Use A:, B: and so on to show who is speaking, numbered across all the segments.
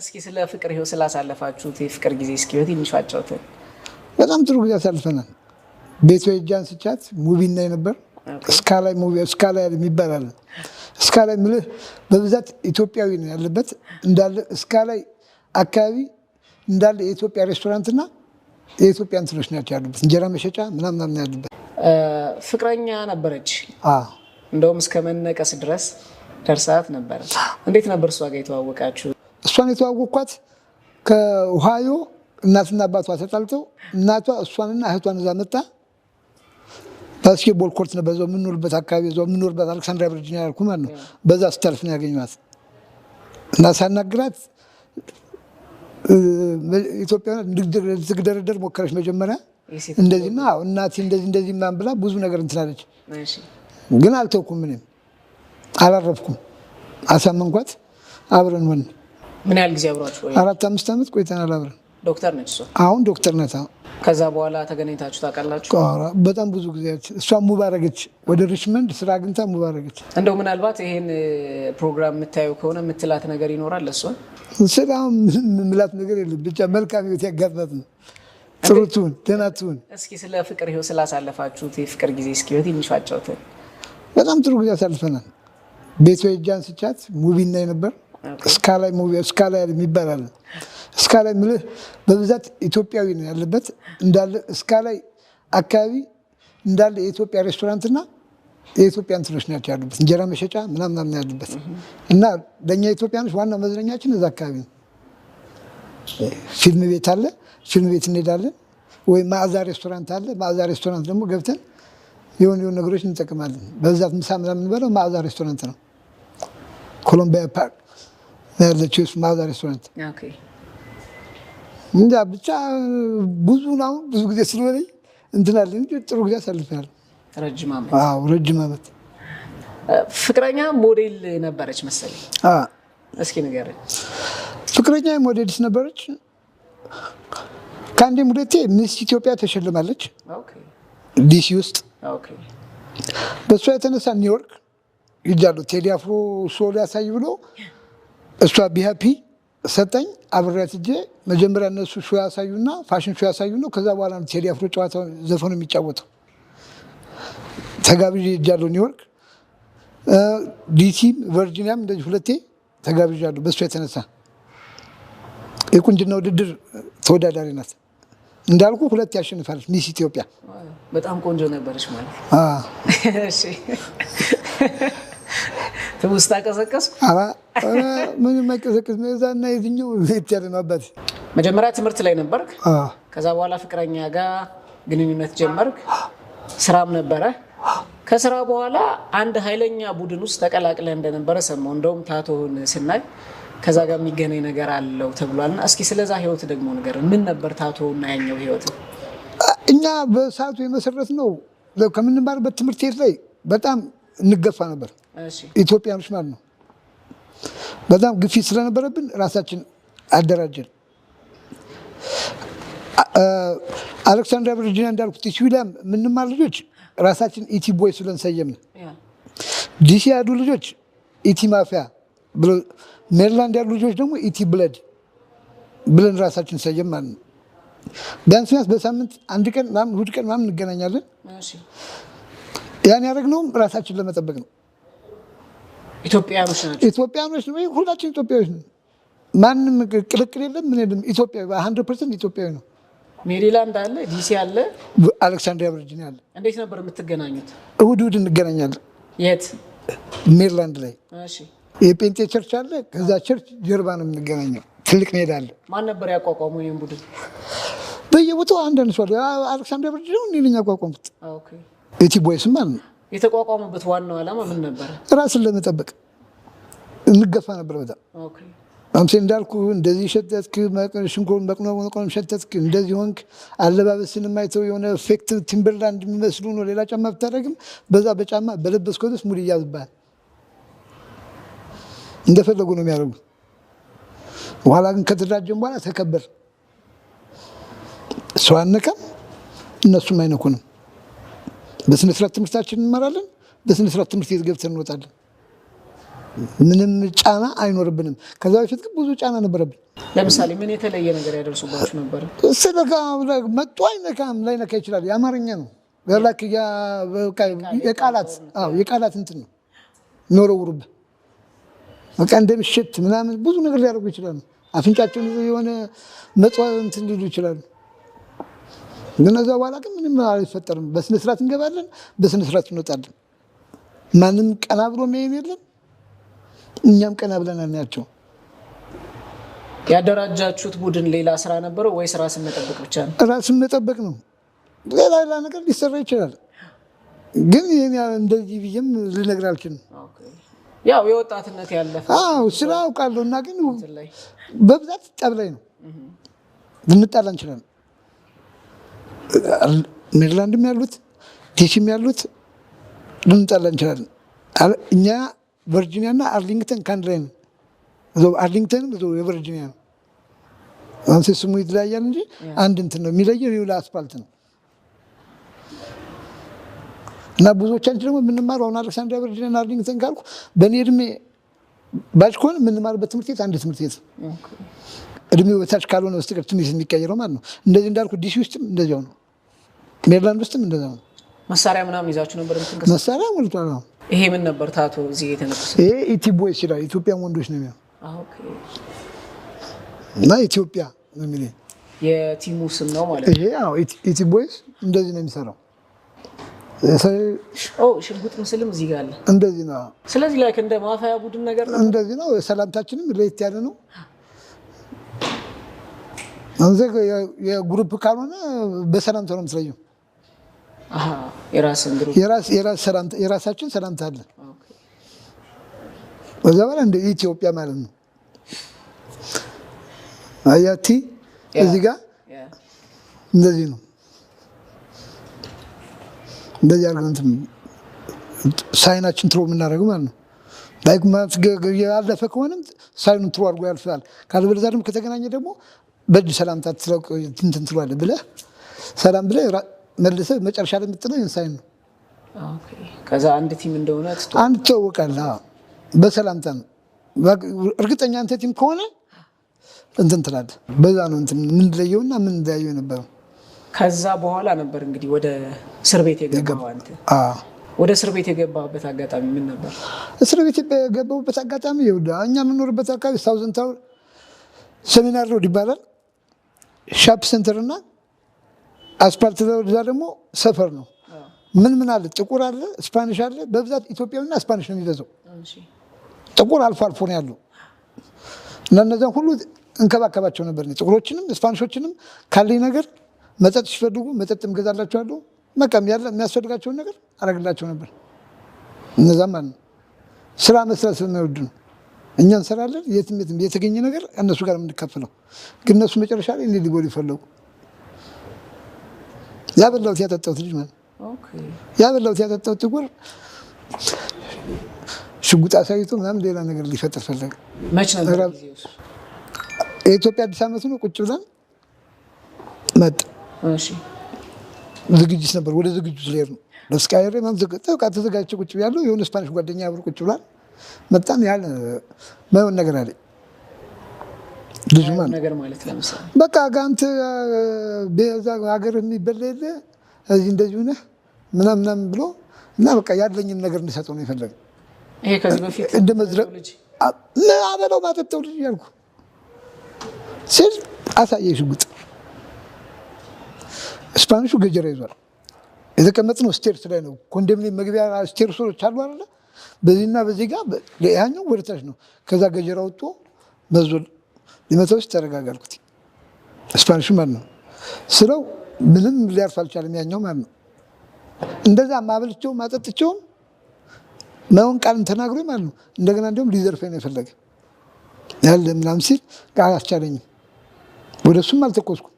A: እስኪ ስለ ፍቅር ህይወት ስላሳለፋችሁት የፍቅር ጊዜ እስኪ ህይወት አጫውተን።
B: በጣም ጥሩ ጊዜ አሳልፈናል። ቤት ወጃን ስቻት ሙቪ ሙቪና ነበር እስካላይ ሙቪ እስካላይ የሚባል አለ። እስካላይ ምልህ በብዛት ኢትዮጵያዊ ነው ያለበት እንዳለ እስካላይ አካባቢ እንዳለ የኢትዮጵያ ሬስቶራንትና የኢትዮጵያ እንትኖች ናቸው ያሉበት፣ እንጀራ መሸጫ ምናምናም ያሉበት።
A: ፍቅረኛ ነበረች፣ እንደውም እስከ መነቀስ ድረስ ደርሳት ነበረ። እንዴት ነበር እሷ ጋር የተዋወቃችሁ?
B: እሷን የተዋወቅኳት ከኦሃዮ እናትና አባቷ ተጣልተው እናቷ እሷንና እህቷን እዛ መጣ ባስኬትቦል ኮርት ነው በዛው የምንኖርበት አካባቢ ዛው የምንኖርበት አሌክሳንድሪያ ቨርጂኒያ ያልኩ ማለት ነው። በዛ ስታልፍ ነው ያገኘኋት እና ሳናግራት ኢትዮጵያ ልትግደረደር ሞከረች መጀመሪያ እንደዚህማ እናቴ እንደዚህ እንደዚህ ብላ ብዙ ነገር እንትላለች። ግን አልተውኩም፣ እኔም አላረፍኩም፣ አሳመንኳት አብረን ሆን
A: ምን ያህል ጊዜ አብሯችሁ?
B: አራት አምስት ዓመት ቆይተናል አብረን። ዶክተር ነች እሷ? አሁን ዶክተር ነት።
A: ከዛ በኋላ ተገናኝታችሁ ታውቃላችሁ?
B: በጣም ብዙ ጊዜያች። እሷ ሙባረገች ወደ ሪችመንድ ስራ አግኝታ ሙባረገች።
A: እንደው ምናልባት ይሄን ፕሮግራም የምታየው ከሆነ የምትላት ነገር ይኖራል እሷ?
B: ስራ ምላት ነገር የለም ብቻ መልካም ህይወት ያጋራት ነው። ጥሩ ትሁን፣ ደህና ትሁን።
A: እስኪ ስለ ፍቅር ህይወት ስላሳለፋችሁት የፍቅር ጊዜ እስኪ ህይወት አጫውተን።
B: በጣም ጥሩ ጊዜ አሳልፈናል። ቤት ወይጃን ስቻት ሙቪ ናይ ነበር ስካላይ ሙቪ ስካላይ የሚባል አለ። እስካላ የምልህ በብዛት ኢትዮጵያዊ ነው ያለበት እንዳለ ስካላይ አካባቢ እንዳለ የኢትዮጵያ ሬስቶራንትና የኢትዮጵያ እንትኖች ናቸው ያሉበት፣ እንጀራ መሸጫ ምናምናምን ያሉበት እና ለእኛ ኢትዮጵያኖች ዋና መዝናኛችን እዛ አካባቢ ነው። ፊልም ቤት አለ፣ ፊልም ቤት እንሄዳለን። ወይም ማዕዛ ሬስቶራንት አለ፣ ማዕዛ ሬስቶራንት ደግሞ ገብተን የሆኑ የሆኑ ነገሮች እንጠቅማለን። በብዛት ምሳ ምናምን የምንበለው ማዕዛ ሬስቶራንት ነው ኮሎምቢያ ፓርክ ያለችው ማዛ ሬስቶራንት እንጃ ብቻ ብዙ አሁን ብዙ ጊዜ ስለሆነ እንትናለ ጥሩ ጊዜ አሳልፈናል። ረጅም ዓመት
A: ፍቅረኛ ሞዴል ነበረች መሰለኝ። እስኪ ንገረኝ።
B: ፍቅረኛ ሞዴልስ ነበረች። ከአንዴ ሙደቴ ሚስ ኢትዮጵያ ተሸልማለች ዲሲ ውስጥ። በእሷ የተነሳ ኒውዮርክ ይጃሉ ቴዲ አፍሮ ሶ ሊያሳይ ብሎ እሷ ቢሀፒ ሰጠኝ። አብሬያት እጄ መጀመሪያ እነሱ ሹ ያሳዩና ፋሽን ሾ ነው። ከዛ በኋላ ቴዲ አፍሮ ጨዋታ ዘፈኑ የሚጫወተው። ተጋብዤ እጃለሁ ኒውዮርክ፣ ዲሲም ቨርጂኒያም እንደዚህ ሁለቴ ተጋብዣለሁ። በእሷ የተነሳ የቁንጅና ውድድር ተወዳዳሪ ናት እንዳልኩ ሁለት ያሸንፋለች ሚስ ኢትዮጵያ።
A: በጣም ቆንጆ ነበረች
B: ማለት
A: ትውስታ ቀሰቀስኩ።
B: ምንም የትኛው ያለ ነው
A: መጀመሪያ ትምህርት ላይ ነበርክ። ከዛ በኋላ ፍቅረኛ ጋር ግንኙነት ጀመርክ። ስራም ነበረ። ከስራ በኋላ አንድ ኃይለኛ ቡድን ውስጥ ተቀላቅለ እንደነበረ ሰማሁ። እንደውም ታቶን ስናይ ከዛ ጋር የሚገናኝ ነገር አለው ተብሏልና፣ እስኪ ስለዛ ህይወት ደግሞ ምን ነበር? ታቶ እና ያኛው ህይወት
B: እኛ በሰዓቱ የመሰረት ነው። ትምህርት ቤት ላይ በጣም እንገፋ ነበር ኢትዮጵያኖች ማለት ነው። በጣም ግፊት ስለነበረብን ራሳችን አደራጀን። አሌክሳንድሪያ ቨርጂኒያ እንዳልኩት ቲሲ የምንማር ልጆች ራሳችን ኢቲ ቦይስ ብለን ሰየምን። ዲሲ ያሉ ልጆች ኢቲ ማፊያ፣ ሜሪላንድ ያሉ ልጆች ደግሞ ኢቲ ብለድ ብለን ራሳችን ሰየም ማለት ነው። ቢያንስ ቢያንስ በሳምንት አንድ ቀን ምናምን እሑድ ቀን ምናምን እንገናኛለን። ያን ያደረግነውም ራሳችን ለመጠበቅ ነው።
A: ኢትዮጵያኖች ነው
B: ኢትዮጵያኖች ሁላችን ኢትዮጵያዊ ነው። ማንም ቅልቅል የለም፣ ምን የለም። ኢትዮጵያዊ ሀንድረድ ፐርሰንት ኢትዮጵያዊ ነው።
A: ሜሪላንድ አለ፣ ዲሲ አለ፣
B: አሌክሳንድሪያ ቨርጂኒያ አለ።
A: እንዴት ነበር የምትገናኙት?
B: እሁድ እሁድ እንገናኛለን። የት? ሜሪላንድ ላይ የጴንጤ ቸርች አለ። ከዛ ቸርች ጀርባ ነው የምንገናኘው። ትልቅ ሜዳ አለ።
A: ማን ነበር ያቋቋመው ይህን ቡድን?
B: በየቦታው አንዳንድ ሰው አለ። አሌክሳንድሪያ ቨርጂኒያ እኔ ነኝ ያቋቋምኩት። ኤቲ ቦይስም አለ
A: የተቋቋሙበት ዋናው ዓላማ ምን ነበረ?
B: ራስን ለመጠበቅ እንገፋ ነበር በጣም አምሴ እንዳልኩ እንደዚህ ሸተትክ፣ ሽንኩርት መቅኖ ሸተትክ፣ እንደዚህ ሆንክ። አለባበስን የማይተው የሆነ ፌክት ቲምበርላንድ የሚመስሉ ነው። ሌላ ጫማ ብታደርግም በዛ በጫማ በለበስ ኮደስ ሙድ እያዝባል እንደፈለጉ ነው የሚያደርጉ። በኋላ ግን ከተደራጀን በኋላ ተከበር ሰው አነካም፣ እነሱም አይነኩንም። በስነ ስርዓት ትምህርታችን እንመራለን። በስነ ስርዓት ትምህርት ቤት ገብተን እንወጣለን። ምንም ጫና አይኖርብንም። ከዛ በፊት ግን ብዙ ጫና ነበረብን
A: ለምሳሌ ምን የተለየ ነገር ያደርሱባችሁ ነበር?
B: መጡ አይነካም ላይነካ ይችላል። የአማርኛ ነው ላክ የቃላት የቃላት እንትን ነው ኖረውሩብ በቃ እንደምሽት ምናምን ብዙ ነገር ሊያደርጉ ይችላሉ። አፍንጫቸውን የሆነ መጥዋ እንትን ሊሉ ይችላሉ። ግን በኋላ ግን ምንም አይፈጠርም። በስነ ስርዓት እንገባለን፣ በስነ ስርዓት እንወጣለን። ማንም ቀና ብሎ መሄድ የለም። እኛም ቀና ብለን አናያቸው።
A: ያደራጃችሁት ቡድን ሌላ ስራ ነበረው ወይ? ራስን መጠበቅ ብቻ ነው?
B: ራስን መጠበቅ ነው። ሌላ ሌላ ነገር ሊሰራ ይችላል፣ ግን ይህን እንደዚህ ብዬም ልነግር አልችልም።
A: ያው የወጣትነት ያለፈ
B: ስራ አውቃለሁ እና ግን በብዛት ጠብ ላይ ነው ልንጣላ እንችላለን ሜሪላንድም ያሉት ዲሲም ያሉት ልንጣላ እንችላለን። እኛ ቨርጂኒያ አርሊንግተን ከአንድ ላይ ነው። አርሊንግተን የቨርጂኒያ ነው። አንሴ ስሙ ይለያያል እንጂ አንድ እንትን ነው የሚለየው። ይኸው ለአስፋልት ነው እና ብዙዎቻችን ደግሞ የምንማረው አሁን አሌክሳንድሪያ ቨርጂኒያና አርሊንግተን ካልኩ በእኔ እድሜ ባች ከሆነ የምንማርበት ትምህርት ቤት አንድ ትምህርት ቤት እድሜው በታች ካልሆነ በስተቀር ትንሽ የሚቀየረው ማለት ነው። እንደዚህ እንዳልኩ ዲሲ ውስጥም እንደዚያው ነው። ሜሪላንድ ውስጥም እንደዛ ነው።
A: መሳሪያ ምናምን ይዛችሁ ነበር?
B: መሳሪያ ሞልቷል ነው።
A: ይሄ ምን ነበር ታቶ እዚህ የተነሱ
B: ይሄ ኢቲቦይ ይችላል። ኢትዮጵያ ወንዶች ነው የሚሆን እና ኢትዮጵያ ነው የሚ
A: የቲሙ ስም ነው ማለት ነው።
B: ይሄ ኢቲቦይስ እንደዚህ ነው የሚሰራው።
A: ሽጉጥ ምስልም እዚህ ጋር አለ። እንደዚህ ነው። ስለዚህ ላይክ እንደ ማፋያ ቡድን ነገር
B: ነው። እንደዚህ ነው። ሰላምታችንም ለየት ያለ ነው። የግሩፕ ካልሆነ በሰላም ነው የምትለየው። የራሳችን ሰላምታ አለ። በዛ በላ እንደ ኢትዮጵያ ማለት ነው። አያቲ እዚህ ጋ እንደዚህ ነው። እንደዚህ አርገንት ሳይናችን ትሮ የምናደርገው ማለት ነው። ላይክ ያለፈ ከሆነም ሳይኑ ትሮ አድርጎ ያልፋል። ካልበለዛ ደግሞ ከተገናኘ ደግሞ በእጅ ሰላምታ ትንትን ትሏለ ብለህ ሰላም ብለህ መልሰ መጨረሻ ላይ የምትለው ኢንሳይን ነው።
A: ከዛ አንድ ቲም እንደሆነ
B: አንድ ትወቃለህ በሰላምታ ነው። እርግጠኛ አንተ ቲም ከሆነ እንትን ትላለህ። በዛ ነው እንትን የምንለየውና የምንለያየው ነበረው።
A: ከዛ በኋላ ነበር እንግዲህ ወደ እስር ቤት የገባው አንተ። ወደ እስር ቤት የገባበት አጋጣሚ ምን ነበር?
B: እስር ቤት የገባበት አጋጣሚ ይኸውልህ፣ እኛ የምንኖርበት አካባቢ ሳውዘንታውን ሰሚናር ሮድ ይባላል ሻፕ ሴንተር እና አስፓልት ዛ ደግሞ ሰፈር ነው። ምን ምን አለ? ጥቁር አለ፣ ስፓኒሽ አለ። በብዛት ኢትዮጵያዊና ስፓኒሽ ነው የሚበዛው። ጥቁር አልፎ አልፎ ነው ያለው እና እነዚያን ሁሉ እንከባከባቸው ነበር። ጥቁሮችንም ስፓኒሾችንም ካለኝ ነገር መጠጥ ሲፈልጉ መጠጥ እገዛላቸዋለሁ። መቀም ያለ የሚያስፈልጋቸውን ነገር አረግላቸው ነበር። እነዛም ማለት ነው ስራ መስራት ስለማይወዱ ነው። እኛ እንሰራለን። የትም የትም የተገኘ ነገር እነሱ ጋር የምንከፍለው ግን እነሱ መጨረሻ ላይ እንዲጎዱ ይፈለጉ ያበላሁት ያጠጣሁት ልጅ ማለት ኦኬ ያበላሁት ያጠጣሁት ጥቁር ሽጉጥ አሳይቶ ምናምን ሌላ ነገር ሊፈጥር ፈለገ። የኢትዮጵያ አዲስ ዓመት ነው። ቁጭ ብለን መጣ። ዝግጅት ነበር። ወደ ዝግጅት ልሄድ ነው። ልብስ ቀይሬ ምናምን በቃ ቁጭ ያለው የሆነ ስፓኒሽ ጓደኛ አብሮ ቁጭ ብሏል። መጣም ያለ መሆን ነገር አለኝ ልጅ ማለት በቃ ጋንት ቤዛ ሀገር የሚበላ የለ እዚህ እንደዚሁ ነህ ምናምን ምናምን ብሎ እና በቃ ያለኝን ነገር እንዲሰጠው ነው የፈለገው።
A: ይሄ ከዚህ በፊት
B: እንደ መዝረቅ አበለው ማጠጠው ልጅ ያልኩ ስል አሳየ ሽጉጥ ስፓኒሹ ገጀራ ይዟል። የተቀመጥነው ስቴርስ ላይ ነው። ኮንዶሚኒየም መግቢያ ስቴርሶች አሉ አለ። በዚህና በዚህ ጋር ያኛው ወደታች ነው። ከዛ ገጀራ ወጥቶ መዞል ሊመታዎች ተረጋጋልኩት ስፓኒሹ ማለት ነው ስለው ምንም ሊያርፍ አልቻለም። ያኛው ማለት ነው እንደዛ ማበልቸው ማጠጥቸውም መሆን ቃልም ተናግሮ ማለት ነው እንደገና እንዲሁም ሊዘርፈኝ ነው የፈለገ ያለ ምናምን ሲል ቃል አስቻለኝም። ወደ እሱም አልተኮስኩም፣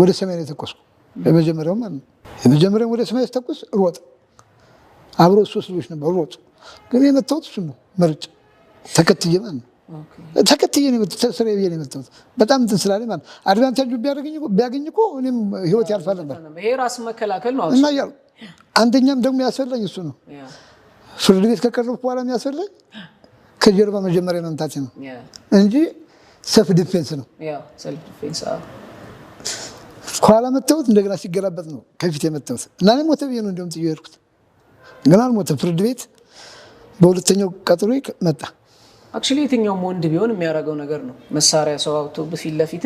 B: ወደ ሰማይ ነው የተኮስኩ። የመጀመሪያው ማለት ነው የመጀመሪያው ወደ ሰማይ የተኮስ ሮጥ አብሮ ሶስት ልጆች ነበሩ ሮጥ ግን የመታወት እሱ ነው መርጭ ተከትዬ ማለት ነው ተከትዬ ነው ስሬ ብዬ ነው የመጣሁት። በጣም እንትን ስላለ ማለት አድቫንቴጁ ቢያገኝ እኮ እኔም ህይወት ያልፋል ነበር።
A: ይሄ ራስ መከላከል ነው
B: እና እያሉ አንደኛም ደግሞ ያስፈላኝ እሱ ነው። ፍርድ ቤት ከቀረብኩ በኋላ የሚያስፈላኝ ከጀርባ መጀመሪያ መምታት ነው እንጂ ሰልፍ ዲፌንስ ነው። ከኋላ መተውት እንደገና ሲገላበጥ ነው ከፊት የመተውት እና እኔ ሞተ ብዬ ነው እንዲሁም ጥዬ የሄድኩት። ግን አልሞተም። ፍርድ ቤት በሁለተኛው ቀጥሮ መጣ
A: አክቹሊ የትኛውም ወንድ ቢሆን የሚያደርገው ነገር ነው። መሳሪያ ሰው አውቶ ፊት ለፊት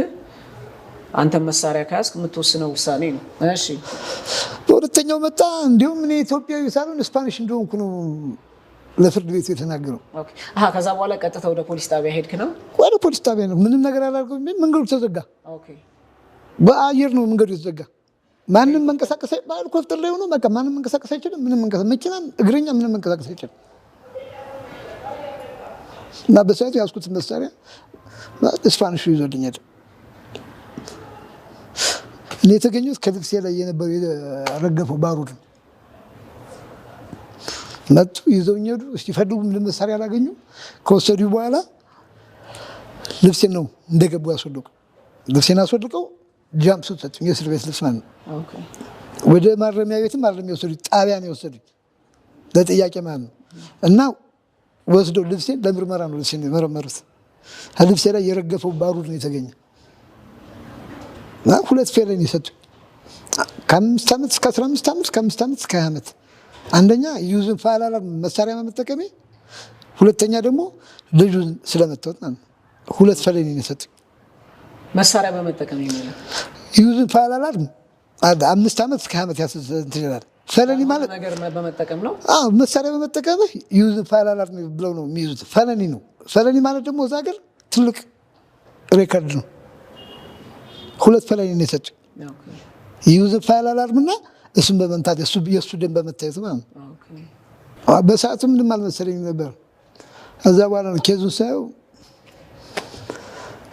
A: አንተ መሳሪያ ከያዝክ የምትወስነው ውሳኔ ነው። እሺ
B: በሁለተኛው መጣ። እንዲሁም እኔ ኢትዮጵያዊ ሳልሆን ስፓኒሽ እንደሆንኩ ነው ለፍርድ ቤቱ የተናገረው።
A: ከዛ በኋላ ቀጥታ ወደ ፖሊስ ጣቢያ ሄድክ ነው?
B: ወደ ፖሊስ ጣቢያ ነው። ምንም ነገር አላልኩም። መንገዱ ተዘጋ። በአየር ነው መንገዱ የተዘጋ። ማንም መንቀሳቀስ ባልኮፍተር ላይ ሆኖ በቃ ማንም መንቀሳቀስ አይችልም። ምንም መንቀሳቀስ መኪናም፣ እግረኛ ምንም መንቀሳቀስ አይችልም። እና በሰዓቱ ያዝኩትን መሳሪያ ስፓኒሹ ይዞልኛል። እኔ የተገኘሁት ከልብሴ ላይ የነበረው የረገፈው ባሩድ መጡ፣ ይዘውኝ ሄዱ። ሲፈልጉ ምንም መሳሪያ አላገኙም። ከወሰዱ በኋላ ልብሴን ነው እንደገቡ ያስወልቁ። ልብሴን አስወልቀው ጃምፕ ሱት ሰጡኝ፣ የእስር ቤት ልብስ ማለት ነው። ወደ ማረሚያ ቤትም ማረሚያ የወሰዱኝ ጣቢያ ነው የወሰዱኝ ለጥያቄ ማለት ነው እና ወስዶ ልብሴ ለምርመራ ነው ልብሴን የመረመሩት። ልብሴ ላይ የረገፈው ባሩድ ነው የተገኘ። ሁለት ፌር የሰጡ ከአምስት ዓመት እስከ አስራ አምስት ዓመት ከአምስት ዓመት እስከ ሀያ ዓመት አንደኛ ዩዝን ፋላላ መሳሪያ መጠቀሜ፣ ሁለተኛ ደግሞ ልጁን ስለመታወት ማለት ሁለት ፌር ነው
A: መሳሪያ በመጠቀም
B: ዩዝን ፋይል አምስት ዓመት እስከ ሀያ ዓመት ያስችላል። ፈለኒ ማለት በመጠቀም ነው። መሳሪያ በመጠቀም ዩዝ ፋይል አላርም ብለው ነው የሚይዙት። ፈለኒ ነው። ፈለኒ ማለት ደግሞ እዛ ሀገር ትልቅ ሬከርድ ነው። ሁለት ፈለኒ ነው የሰጭ ዩዝ ፋይል አላርም እና እሱን በመምታት የእሱ ደም በመታየት ማለት ነው። በሰዓቱ ምንም አልመሰለኝ ነበር። እዛ በኋላ ነው ኬዙን ሳየው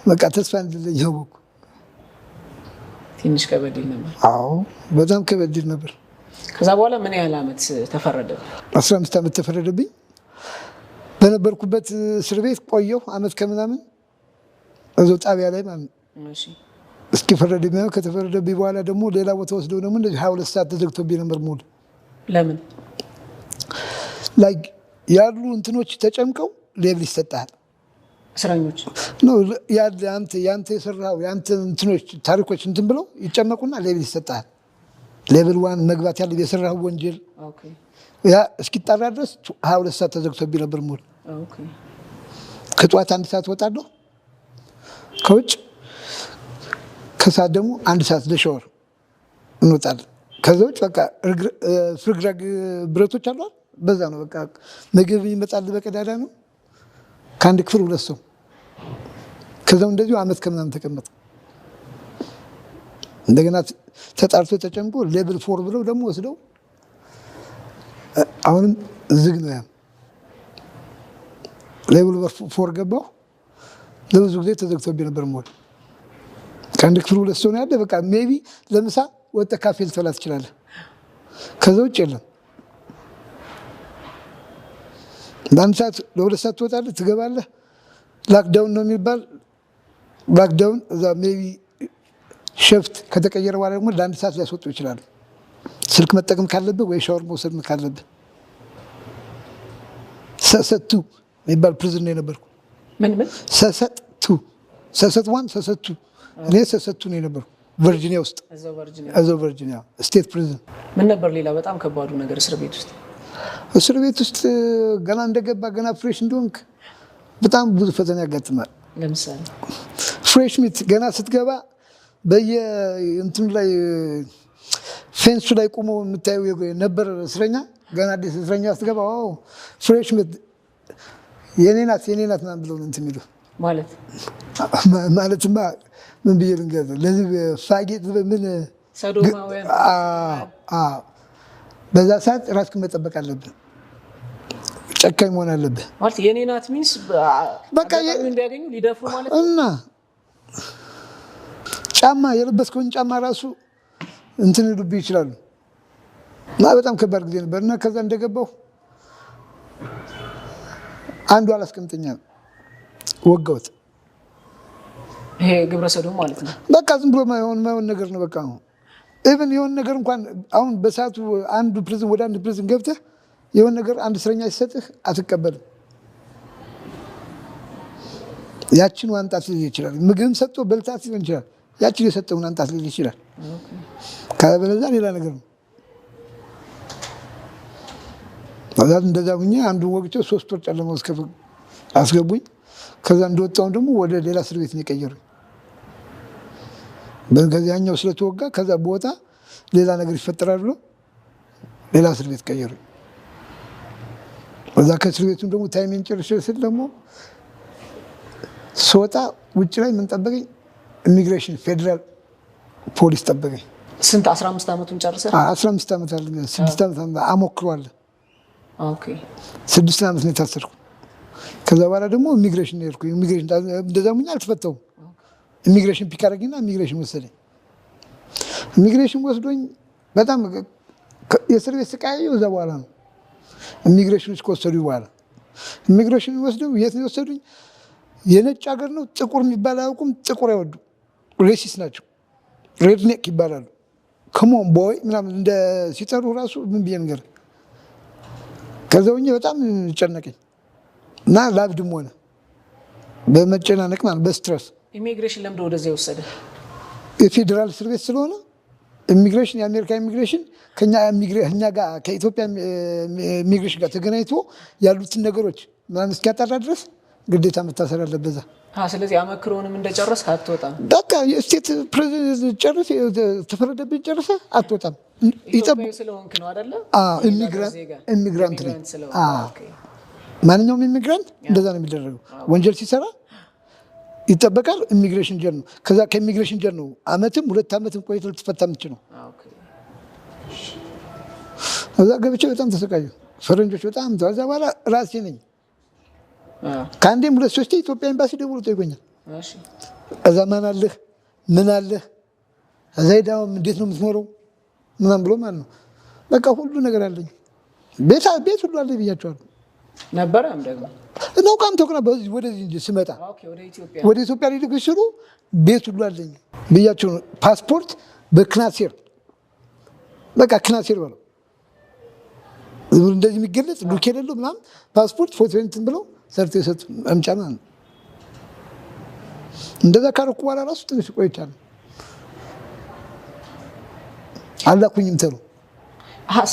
B: በቃ ተስፋ እንድለኝ ያወቅኩ።
A: ትንሽ ከበድ ነበር።
B: አዎ በጣም ከበድ ነበር።
A: ከዛ በኋላ ምን ያህል ዓመት ተፈረደ?
B: አስራ አምስት ዓመት ተፈረደብኝ። በነበርኩበት እስር ቤት ቆየሁ ዓመት ከምናምን እዛው ጣቢያ ላይ ማለት እስኪፈረድ ሚሆ ነው። ከተፈረደብኝ በኋላ ደግሞ ሌላ ቦታ ወስደው ደግሞ እንደዚህ ሀያ ሁለት ሰዓት ተዘግቶብኝ ነበር። ሙድ ለምን ላይ ያሉ እንትኖች ተጨምቀው ሌብል ይሰጣል። እስረኞች ያንተ የሰራው ያንተ እንትኖች ታሪኮች እንትን ብለው ይጨመቁና ሌብል ይሰጣል። ሌብል ዋን መግባት ያለ የሰራው ወንጀል ያ እስኪጣራ ድረስ ሀያ ሁለት ሰዓት ተዘግቶብኝ ነበር። ሙሉ ከጠዋት አንድ ሰዓት ወጣለሁ ከውጭ ከሰዓት ደግሞ አንድ ሰዓት ለሻወር እንወጣለን። ከዛ ውጭ በቃ ፍርግራግ ብረቶች አሏል። በዛ ነው በቃ ምግብ ይመጣል በቀዳዳ ነው ከአንድ ክፍል ሁለት ሰው። ከዛው እንደዚሁ አመት ከምናምን ተቀመጠ። እንደገና ተጣርቶ ተጨምቆ ሌብል ፎር ብለው ደግሞ ወስደው አሁንም ዝግ ነው። ያም ሌብል ፎር ገባሁ ለብዙ ጊዜ ተዘግቶብኝ ነበር። ሞል ከአንድ ክፍል ሁለት ሰው ነው ያለ። በቃ ሜቢ ለምሳ ወጠ ካፌ ልትበላ ትችላለህ። ከዛ ውጭ የለም። ለአንድ ሰዓት ለሁለት ሰዓት ትወጣለህ፣ ትገባለህ። ላክዳውን ነው የሚባል ላክዳውን እዛ ሜቢ ሽፍት ከተቀየረ በኋላ ደግሞ ለአንድ ሰዓት ሊያስወጡ ይችላሉ። ስልክ መጠቀም ካለብህ ወይ ሻወር መውሰድ ካለብህ ሰሰቱ የሚባል ፕሪዝን የነበርኩ። ሰሰቱ ሰሰት ዋን ሰሰቱ እኔ ሰሰቱ ነው የነበርኩ ቨርጂኒያ ውስጥ እዛው ቨርጂኒያ ስቴት ፕሪዝን።
A: ምን ነበር ሌላ በጣም ከባዱ ነገር እስር ቤት ውስጥ?
B: እስር ቤት ውስጥ ገና እንደገባ ገና ፍሬሽ እንደሆንክ በጣም ብዙ ፈተና ያጋጥማል። ለምሳሌ ፍሬሽ ሚት ገና ስትገባ በየእንትኑ ላይ ፌንሱ ላይ ቁሞ የምታየው ነበር እስረኛ። ገና አዲስ እስረኛ ስትገባ ፍሬሽ የኔ የኔናት የኔ ናት ብለው ነው እንትን የሚሉ ማለት ማለትማ ምን ብዬ ልንገርህ፣ ለዚህ ፋጌጥ ምን በዛ ሰዓት ራስክን መጠበቅ አለብን። ጨካኝ መሆን አለብህ።
A: የኔናት ሚንስ በቃ ሊደፍሩ ማለት
B: እና ጫማ የለበስከውን ጫማ ራሱ እንትን ሊሉብህ ይችላሉ። እና በጣም ከባድ ጊዜ ነበር እና ከዛ እንደገባሁ አንዱ አላስቀምጠኛ ወጋውት
A: ይሄ ግብረ ሰዶም ማለት ነው።
B: በቃ ዝም ብሎ የማይሆን ነገር ነው። በቃ ኢቭን የሆነ ነገር እንኳን አሁን በሰዓቱ አንዱ ፕሪዝን ወደ አንድ ፕሪዝን ገብተህ የሆን ነገር አንድ እስረኛ ሲሰጥህ አትቀበልም። ያችን ዋንጣት ሊሆን ይችላል፣ ምግብም ሰጥቶ በልታት ሊሆን ይችላል። ያችን የሰጠውን አንታስ ሊል ይችላል። ካለበለዚያ ሌላ ነገር ነው። አብዛት እንደዛ ሁኜ አንዱን ወግቼ ሶስት ወር ጨለማ ውስጥ አስገቡኝ። ከዛ እንደወጣውን ደግሞ ወደ ሌላ እስር ቤት ነው የቀየሩኝ። ከዚያኛው ስለተወጋ ከዛ ቦታ ሌላ ነገር ይፈጠራል ብሎ ሌላ እስር ቤት ቀየሩኝ። በዛ ከእስር ቤቱም ደግሞ ታይሜን ጨርሼ ስል ደግሞ ስወጣ ውጭ ላይ ምን ጠበቀኝ? ኢሚግሬሽን ፌዴራል ፖሊስ ጠበቀኝ።
A: ስንት አስራ አምስት ዓመቱን ጨርሰ?
B: አስራ አምስት ዓመት አለ ስድስት ዓመት አሞክሮ ስድስት ዓመት ነው የታሰርኩ። ከዛ በኋላ ደግሞ ኢሚግሬሽን ሄድኩ። ኢሚግሬሽን እንደዛ ሙኛ አልተፈታሁም። ኢሚግሬሽን ፒክ አደረገኝና ኢሚግሬሽን ወሰደኝ። ኢሚግሬሽን ወስዶኝ በጣም የእስር ቤት ስቃየው እዛ በኋላ ነው ኢሚግሬሽኖች ከወሰዱ በኋላ ኢሚግሬሽን ወስደው የት ነው የወሰዱኝ? የነጭ ሀገር ነው ጥቁር የሚባል አያውቁም። ጥቁር አይወዱም ሬሲስት ናቸው፣ ሬድኔክ ይባላሉ። ከሞን ቦይ ምናምን እንደ ሲጠሩ ራሱ ምን ብዬ ነገር ከዛ በጣም ጨነቀኝ እና ላብድም ሆነ በመጨናነቅ ማለት በስትረስ
A: ኢሚግሬሽን ለምደ ወደዚያ የወሰደ
B: የፌዴራል እስር ቤት ስለሆነ ኢሚግሬሽን የአሜሪካ ኢሚግሬሽን ከኛ ጋር ከኢትዮጵያ ኢሚግሬሽን ጋር ተገናኝቶ ያሉትን ነገሮች ምናምን እስኪያጣራ ድረስ ግዴታ መታሰር አለበዛ
A: ስለዚህ አመክሮንም እንደጨረስክ አትወጣም።
B: በቃ የስቴት ፕሬዚደንት ጨርስ ተፈረደብኝ ጨርሰ አትወጣም። ስለሆንክ ነው ኢሚግራንት ነኝ። ማንኛውም ኢሚግራንት እንደዛ ነው የሚደረገው። ወንጀል ሲሰራ ይጠበቃል። ኢሚግሬሽን ጀር ነው። ከዛ ከኢሚግሬሽን ጀር ነው አመትም ሁለት አመትም ቆይቶ ልትፈታ ምች ነው። እዛ ገብቼ በጣም ተሰቃየሁ። ፈረንጆች በጣም እዛ በኋላ ራሴ ነኝ ከአንዴም ሁለት ሶስቴ ኢትዮጵያ ኤምባሲ ደውሎ ይጎኛል። እዛ ማን አለህ ምን አለህ እዛ ሄዳውም እንዴት ነው የምትኖረው ምናም ብሎ ማለት ነው። በቃ ሁሉ ነገር አለኝ፣ ቤት ቤት ሁሉ አለ ብያቸዋል። ነበረ ነው ቃም ተኩና በዚህ ወደዚህ ስመጣ ወደ ኢትዮጵያ ሊልክ ሲሉ ቤት ሁሉ አለኝ ብያቸው ነው። ፓስፖርት በክናሴር በቃ ክናሴር በለው እንደዚህ የሚገለጽ ዱኬ የሌለው ምናምን ፓስፖርት ፎቶ እንትን ብለው ሰርቶ የሰጡ መምጫ ማለት ነው። እንደዛ ካልኩ በኋላ ራሱ ትንሽ ቆይቻለሁ። አላኩኝም ተሉ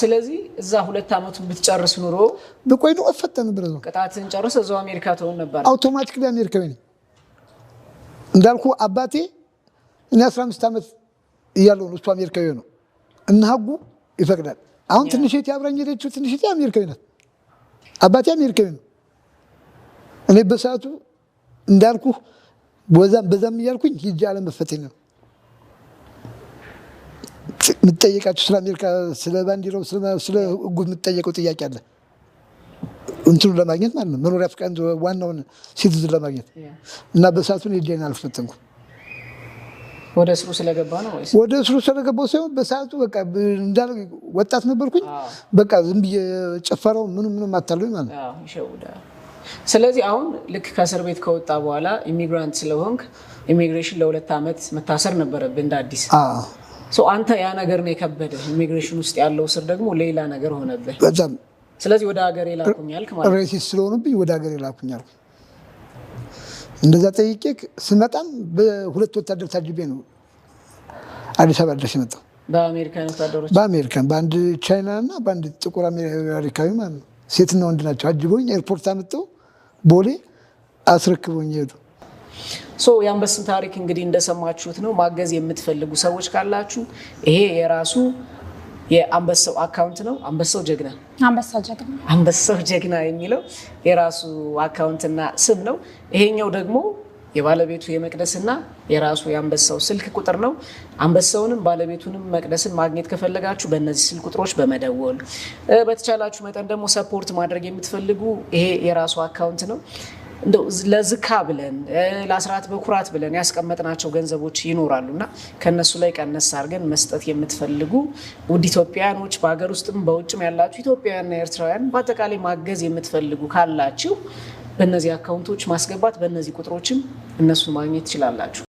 A: ስለዚህ እዛ ሁለት ዓመቱን ብትጨርስ ኑሮ
B: ብቆይ ነው እፈታ ነበር። እዛው
A: ቅጣትን ጨርስ እዛው አሜሪካ ትሆን ነበር።
B: አውቶማቲክ አሜሪካዊ ነኝ እንዳልኩ አባቴ እኔ 15 ዓመት እያለሁ ነው እሱ አሜሪካዊ ነው እና ህጉ ይፈቅዳል። አሁን ትንሽ ትንሽቴ አብራኝ ሄደችው። ትንሽቴ አሜሪካዊ ናት። አባቴ አሜሪካዊ ነው። እኔ በሰዓቱ እንዳልኩ በዛም በዛም እያልኩኝ ሂጅ አለመፈተኝ ነው የምጠየቃቸው። ስለ አሜሪካ፣ ስለ ባንዲራው፣ ስለ ህጉ የምጠየቀው ጥያቄ አለ። እንትኑ ለማግኘት ማለት ነው መኖሪያ ፍቃድ ዋናውን ሲቲዝን ለማግኘት እና በሰዓቱ ሂጄን አልፈተንኩ።
A: ወደ ስሩ ስለገባ ነው ወይስ
B: ወደ ስሩ ስለገባው ሳይሆን በሰዓቱ በቃ እንዳለ ወጣት ነበርኩኝ። በቃ ዝም ብዬ ጨፈረው ምኑ ምንም አታለኝ ማለት ነው።
A: ስለዚህ አሁን ልክ ከእስር ቤት ከወጣ በኋላ ኢሚግራንት ስለሆንክ ኢሚግሬሽን ለሁለት ዓመት መታሰር ነበረብህ እንደ አዲስ። አንተ ያ ነገር ነው የከበደ። ኢሚግሬሽን ውስጥ ያለው እስር ደግሞ ሌላ ነገር ሆነብህ። ስለዚህ ወደ ሀገር የላኩኝ አልክ
B: ስለሆኑብኝ ወደ ሀገር የላኩኝ እንደዛ ጠይቄ ስመጣም በሁለት ወታደር ታጅቤ ነው አዲስ አበባ ድረስ የመጣው።
A: በአሜሪካን ወታደሮች
B: በአሜሪካን በአንድ ቻይና እና በአንድ ጥቁር አሜሪካዊ ማለት ነው። ሴትና ወንድ ናቸው። አጅቦኝ ኤርፖርት አመጣው ቦሌ አስረክቦኝ ሄዱ።
A: የአንበስን ታሪክ እንግዲህ እንደሰማችሁት ነው። ማገዝ የምትፈልጉ ሰዎች ካላችሁ ይሄ የራሱ የአንበሳው አካውንት ነው። አንበሳው ጀግና አንበሳው ጀግና የሚለው የራሱ አካውንትና ስም ነው። ይሄኛው ደግሞ የባለቤቱ የመቅደስና የራሱ የአንበሳው ስልክ ቁጥር ነው። አንበሳውንም ባለቤቱንም መቅደስን ማግኘት ከፈለጋችሁ በእነዚህ ስልክ ቁጥሮች በመደወል በተቻላችሁ መጠን ደግሞ ሰፖርት ማድረግ የምትፈልጉ ይሄ የራሱ አካውንት ነው። ለዝካ ብለን ለአስራት በኩራት ብለን ያስቀመጥናቸው ገንዘቦች ይኖራሉ እና ከእነሱ ላይ ቀነስ አድርገን መስጠት የምትፈልጉ ውድ ኢትዮጵያውያኖች በሀገር ውስጥም በውጭም ያላችሁ ኢትዮጵያውያንና ኤርትራውያን በአጠቃላይ ማገዝ የምትፈልጉ ካላችሁ በእነዚህ አካውንቶች ማስገባት በእነዚህ ቁጥሮችም እነሱ ማግኘት ትችላላችሁ።